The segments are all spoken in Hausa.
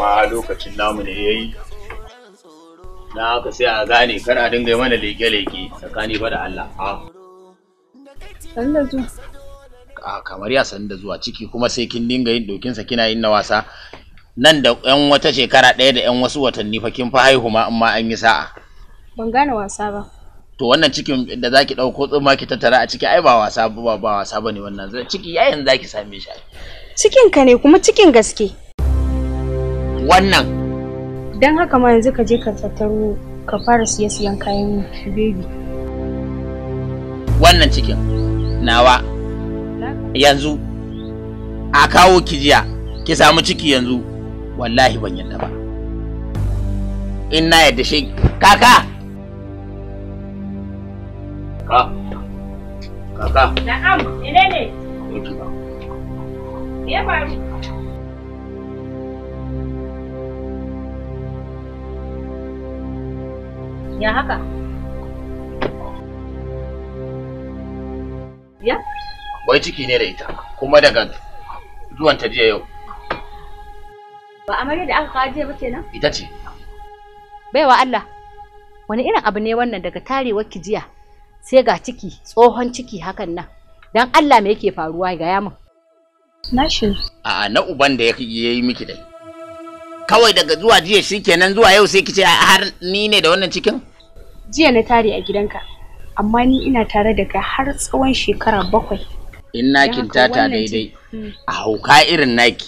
kuma lokacin namu ne yayi na haka sai a gane kar a dinga mana leke-leke tsakani ba da Allah a zuwa kamar ya sanda zuwa ciki kuma sai kin dinga yin dokinsa kina yin na wasa nan da yan wata shekara ɗaya da yan wasu watanni fa kin fa haihu ma in ma an yi sa'a ban gane wasa ba to wannan cikin da zaki dauko tsumma ki tattara a ciki ai ba wasa ba ba wasa bane wannan ciki yayin zaki same shi cikin ka ne kuma cikin gaske wannan don haka ma yanzu ka je ka tattaro ka fara siya siyan kayan baby wannan cikin nawa yanzu a kawo ki jiya ki samu ciki yanzu wallahi ban yadda ba in na yadda shi kaka kaka kaka na'am ina ne ya faru ya haka ya wai ciki ne da ita kuma daga zuwan ta jiya yau ba amarya da aka kawo jiya ba kenan ita ce baiwa Allah wani irin abu ne wannan daga tarewar ki jiya sai ga ciki tsohon ciki hakan nan dan Allah me yake faruwa ga yamin na shi a'a na uban da ya yi miki dai kawai daga zuwa jiya shikenan zuwa yau sai kice har ni ne da wannan cikin jiya na tare a gidanka amma ni ina tare da kai har tsawon shekara bakwai in nakin tata daidai hmm. a hauka irin naki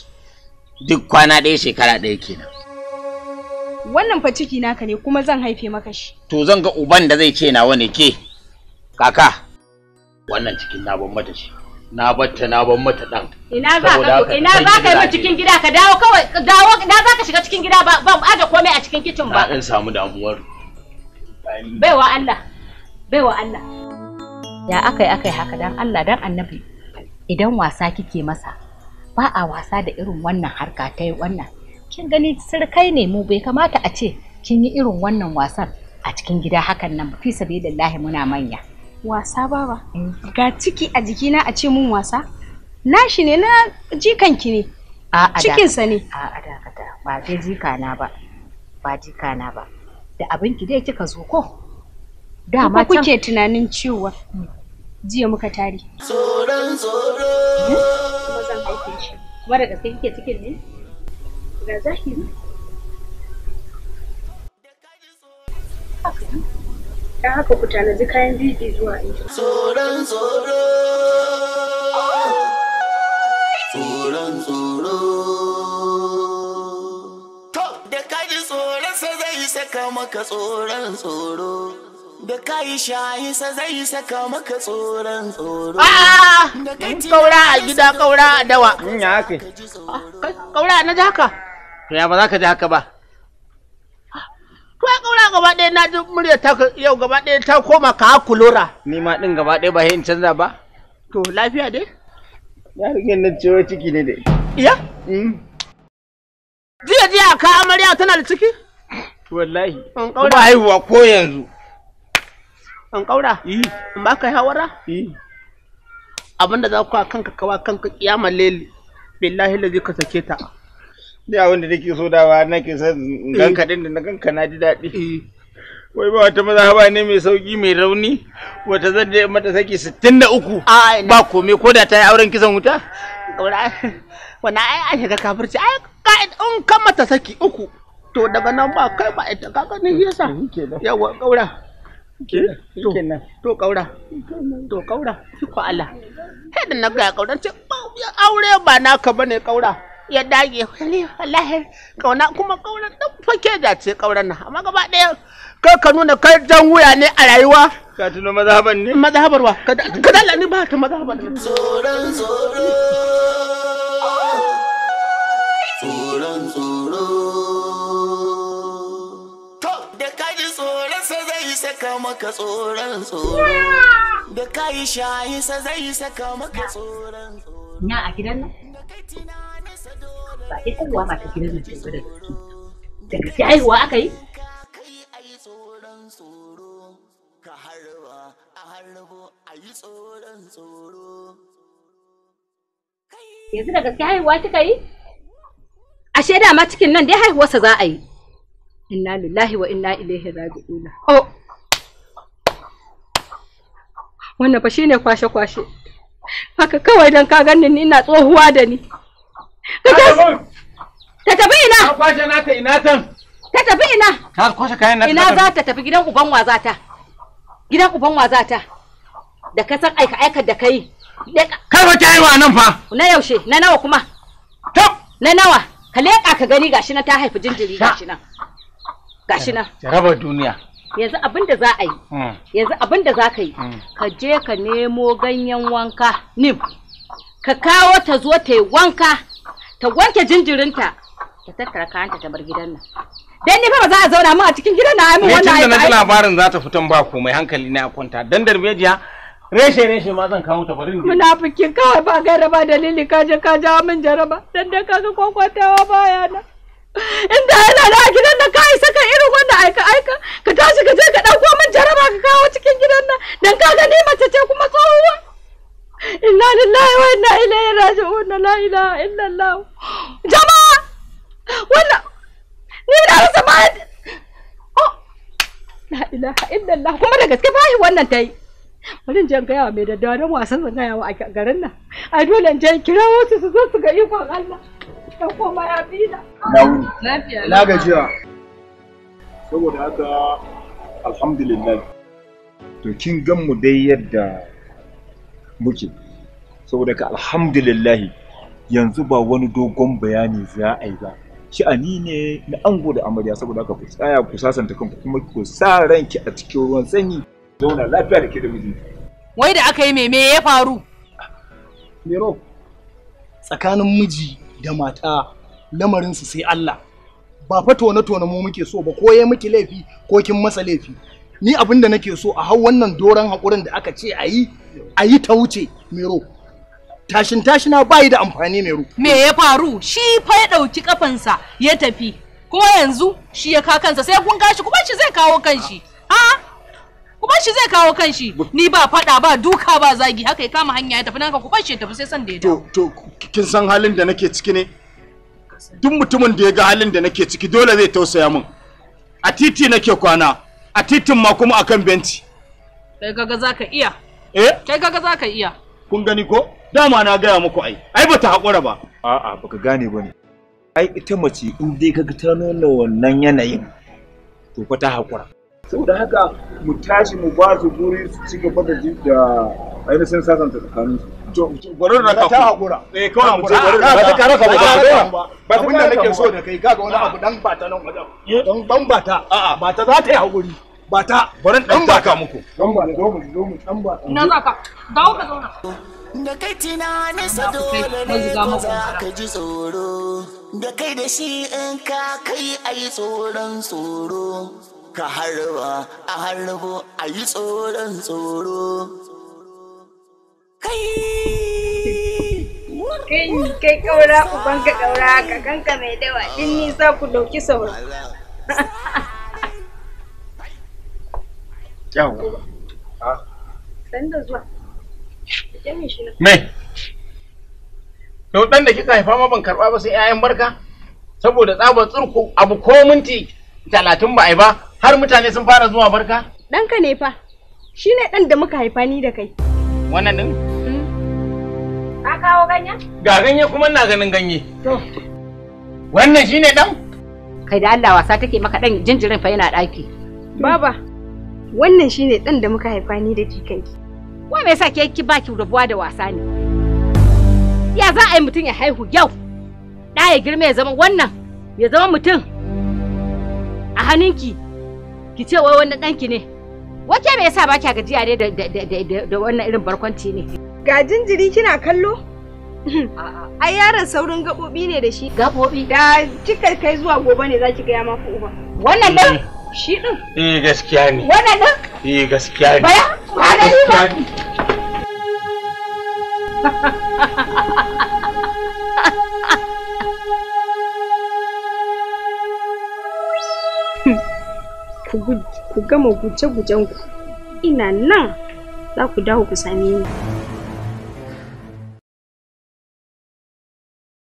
duk kwana ɗaya shekara ɗaya kenan wannan fa ciki naka ne kuma zan haife maka shi to zan ga uban da zai ce nawa ne ke kaka wannan cikin na ban mata shi na batta na ban mata dan ina za ka ina za ka yi cikin gida ka dawo kawai dawo ina za ka shiga cikin gida ba ba aje komai a cikin kitchen ba na dan samu damuwar baiwa Allah baiwa Allah ya akai akai haka dan Allah dan annabi idan wasa kike masa ba a wasa da irin wannan harka ta yi wannan kin gani sirkai ne mu bai kamata a ce kin yi irin wannan wasan a cikin gida hakan nan fi sabilillahi muna manya wasa baba mm. ga ciki a jikina a ce mun wasa nashi ne na jikanki ne cikinsa ne a dakata ba dai jikana ba ba jikana ba da abinki dai kika zo ko dama can kuke tunanin cewa mm. jiya muka tare tsoron tsoro hmm? kuma da kike cikin ne ga zahiri ne Don haka ku tanaji kayan bibi zuwa inji. Tsoron tsoro. Tsoron tsoro. To, da ka ji tsoron sa zai saka maka tsoron tsoro. Da ka yi shayi sa zai saka maka tsoron tsoro. Ah! Kaura a gida, kaura a dawa. Mm, ya haka. Ah, kaura na ji haka. To ya ba za ka ji haka ba. to ya kaura gaba ɗaya na ji murya ta yau gaba ɗaya ta koma ka kulura ni ma ɗin gaba ɗaya ba in canza ba to lafiya dai yarinyar na ciwo ciki ne dai iya mm. jiya jiya ka amarya tana da ciki wallahi ba haihuwa ko yanzu an kaura in ba ka hawara abinda za ku kanka kawa kanka kiyama leli billahi lazi ka sake ta ni abin da nake so dawa nake son ganka din da na ganka na ji daɗi eh. wai ba wata maza haba ne mai sauki mai rauni wata zan da mata saki uku ba komai ko da ta yi auren kisan wuta wani ai an shiga kafirci ai in kan mata saki uku to daga nan ba kai ba ita ka gani yasa eh, yawa kaura to kaura to kaura ko Allah sai da na ga kauran ce aure ba naka bane kaura ya dage wani wallahi kauna kuma kauna duk fake da ce kauran nan amma gaba daya kai ka nuna kai jan wuya ne a rayuwa ka tuno mazhaban ne mazhabar wa ka dalla ni ba ta mazhabar ne tsoron tsoro tsoron tsoro to da kai tsoro sa zai saka maka tsoron tsoro da kai shayi sa zai saka maka tsoron tsoro na a gidan nan ba sai haihuwa mata gidan nan ce da gaske da gaske haihuwa aka yi yanzu da gaske haihuwa kika yi ashe ma cikin nan dai haihuwarsa za a yi inna lillahi wa inna ilaihi raji'un oh wannan fa shine kwashe kwashe haka kawai dan ka ganni ni ina tsohuwa da ni Ka tafi ina. Ka kwashe naka ina tan. Ta tafi ina. Ka kwashe kayan naka. Ina za ta tafi gidan uban waza ta. Gidan uban waza ta. Da ka san aika aikar da kai. Kai wata haihuwa nan fa. Na yaushe na nawa kuma. To. Na nawa. Ka leƙa ka gani gashi na ta haifi jinjiri gashi nan. Gashi nan. Jaraba duniya. Yanzu abin da za a yi. Hmm. Yanzu abin da za ka yi. Hmm. Ka je ka nemo ganyen wanka nim. Ka kawo ta zo ta yi wanka. ta wanke jinjirinta ta tattara kayanta ta bar gidan nan dan ni fa ba za a zauna mu a cikin gidan eh, na mun wannan aiki. Ne tunda labarin za ta fitan ba mai hankali na kwanta dan darbejiya reshe reshe ma zan kawo ta bari. Munafikin kawai ba gaira ba dalili ka je ka ja min jaraba dan da kaga ba ya na. Inda yana da gidan nan kai saka irin wannan aika aika ka tashi ka je ka dauko min jaraba ka kawo cikin gidan nan dan ka gani mace ce kuma tsohuwa. Inna lillahi wa inna ilaihi wannan la'ila ilaha illallah jama'a wannan ni na rasa ma la ilaha illallah kuma da gaske fahi wannan ta yi bari jan gaya mai daddawa don wasan zan gaya wa a garin nan a dole in jan kira wasu su zo su ga ikon Allah ta koma ya fi na lafiya na gajiya saboda haka alhamdulillah to kin gan mu dai yadda muke saboda ka alhamdulillahi yanzu ba wani dogon bayani za a yi ba sha'ani ne na ango da amarya saboda ka ku tsaya ku sasanta kanku kuma ku sa ranki a cikin ruwan sanyi zauna lafiya da ke da miji wai da aka yi me ya faru mero tsakanin miji da mata lamarin su sai Allah ba fa tona-tona mu muke so ba ko ya miki laifi ko kin masa laifi ni abinda nake so a hau wannan doron hakurin da aka ce a yi a yi ta wuce mero tashin tashina bayi da amfani mai ruku. Me ya faru? Shi fa ya ɗauki kafansa ya tafi. Kuma yanzu shi ya ka kansa sai kun gashi kuma shi zai kawo kanshi. Ha? kuma shi zai kawo kanshi. Ni ba faɗa ba duka ba zagi haka ya kama hanya ya tafi nan ka kuma shi ya tafi sai san da ya To to kin san halin da nake ciki ne? Duk mutumin da ya ga halin da nake ciki dole zai tausaya min. A titi nake kwana, a titin ma kuma akan benci. Kai kaga zaka iya. Eh? Kai kaga zaka iya. Kun gani ko? dama na gaya muku ai ai bata hakura ba a'a baka gane bane ai ita mace in dai ga ta nuna wannan yanayin to fa ta hakura. saboda haka mu tashi mu ba su guri su ci gaba da da ainihin sasanta tsakanin su gwarin da ta hakura eh kawai mu ce ka raka ta karaka ba ba abin da nake so da kai kaga wani abu dan bata nan wajen dan ba bata a'a bata za ta yi ba ta bari dan ka muku dan ba dan ba dan ba ina za ka dawo ka zauna da kai tunanin sa dole ne ko za ji tsoro da kai da shi in ka kai a yi tsoron tsoro ka harba a harbo a yi tsoron tsoro kai kai kai kaura uban ka daura ka kanka mai dawa din ni za ku dauki sauro yawa sanda zuwa Mai. Yau ɗan da kika haifa ma ban karɓa ba sai 'ya'yan barka. Saboda tsabar tsurku abu ko minti talatin ba a ba har mutane sun fara zuwa barka. ka ne fa. Shi ne ɗan da muka haifa ni da kai. Wannan ɗin? Hmm. Ka kawo ganye? Ga ganye kuma na ganin ganye. To. Wannan shi ne ɗan? Kai da Allah wasa take maka ɗan jinjirin fa yana ɗaki. Baba, wannan shi ne ɗan da muka haifa ni da jikanki. Wa me yasa ke ki baki rabuwa da wasa ne? Ya za a yi mutum ya haihu yau? Da ya girma ya zama wannan, ya zama mutum. A hannunki ki ce wai wannan ɗanki ne. Wace me yasa ba kya gajiya ne da wannan irin barkwanci ne? Ga jinjiri kina kallo? Ai yaron saurin gaɓoɓi ne da shi. Gaɓoɓi? Da kika kai zuwa gobe ne za ki gaya maku uba. Wannan dan. Eh. Shi din? Eh gaskiya ne. Wannan dan. Eh gaskiya ne. Baya? ku gama guje-gujenku ina nan za ku dawo ku same ni.